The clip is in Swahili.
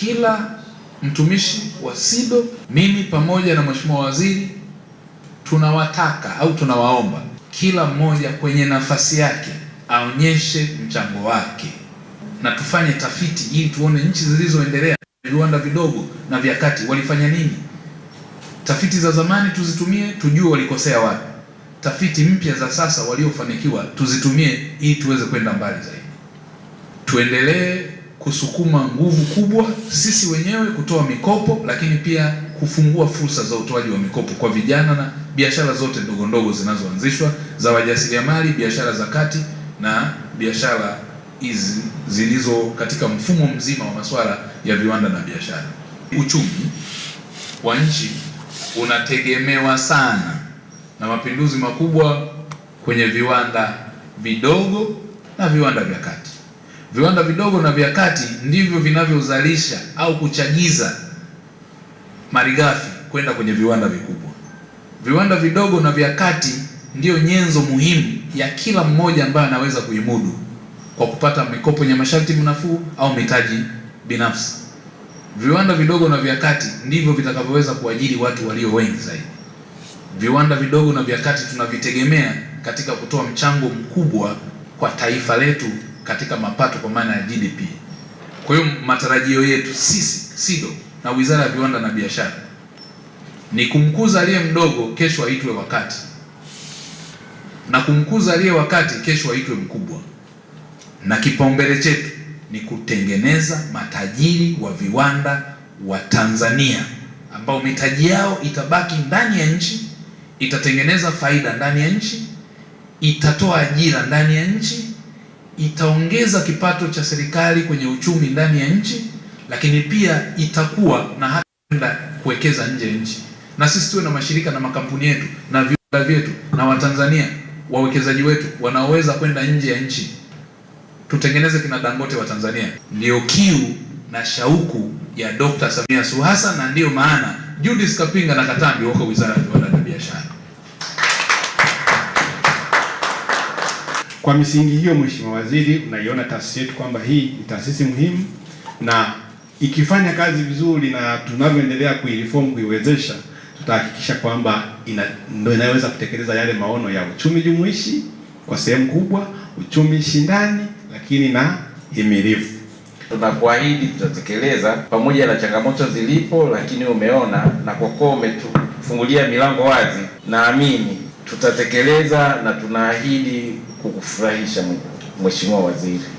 kila mtumishi wa SIDO, mimi pamoja na mheshimiwa waziri tunawataka au tunawaomba kila mmoja kwenye nafasi yake aonyeshe mchango wake na tufanye tafiti ili tuone nchi zilizoendelea, viwanda vidogo na vya kati walifanya nini. Tafiti za zamani tuzitumie tujue walikosea wapi, tafiti mpya za sasa waliofanikiwa tuzitumie ili tuweze kwenda mbali zaidi, tuendelee kusukuma nguvu kubwa sisi wenyewe kutoa mikopo, lakini pia kufungua fursa za utoaji wa mikopo kwa vijana na biashara zote ndogo ndogo zinazoanzishwa za wajasiriamali, biashara za kati na biashara hizi zilizo katika mfumo mzima wa masuala ya viwanda na biashara. Uchumi wa nchi unategemewa sana na mapinduzi makubwa kwenye viwanda vidogo na viwanda vya kati. Viwanda vidogo na vya kati ndivyo vinavyozalisha au kuchagiza malighafi kwenda kwenye viwanda vikubwa. Viwanda vidogo na vya kati ndiyo nyenzo muhimu ya kila mmoja ambaye anaweza kuimudu kwa kupata mikopo yenye masharti mnafuu au mitaji binafsi. Viwanda vidogo na vya kati ndivyo vitakavyoweza kuajiri watu walio wengi zaidi. Viwanda vidogo na vya kati tunavitegemea katika kutoa mchango mkubwa kwa taifa letu katika mapato kwa maana ya GDP. Kwa hiyo matarajio yetu sisi SIDO na Wizara ya Viwanda na Biashara ni kumkuza aliye mdogo, kesho aitwe wakati, na kumkuza aliye wakati, kesho aitwe mkubwa, na kipaumbele chetu ni kutengeneza matajiri wa viwanda wa Tanzania ambao mitaji yao itabaki ndani ya nchi, itatengeneza faida ndani ya nchi, itatoa ajira ndani ya nchi itaongeza kipato cha serikali kwenye uchumi ndani ya nchi, lakini pia itakuwa na hata kwenda kuwekeza nje ya nchi. Na sisi tuwe na mashirika na makampuni yetu na viwanda vyetu na Watanzania wawekezaji wetu wanaoweza kwenda nje ya nchi, tutengeneze kina Dangote wa Tanzania. Ndiyo kiu na shauku ya Dr. Samia Suluhu Hassan, na ndiyo maana Judith Kapinga na Katambi wako Wizara ya Viwanda na Biashara. Kwa misingi hiyo, Mheshimiwa Waziri, unaiona taasisi yetu kwamba hii ni taasisi muhimu na ikifanya kazi vizuri na tunavyoendelea kuireform kuiwezesha, tutahakikisha kwamba ina, ndio inayoweza kutekeleza yale maono ya uchumi jumuishi kwa sehemu kubwa, uchumi shindani, lakini na himilivu. Tunakuahidi tutatekeleza pamoja na changamoto zilipo, lakini umeona na kwa kuwa umetufungulia milango wazi, naamini tutatekeleza na tunaahidi kukufurahisha Mheshimiwa Waziri.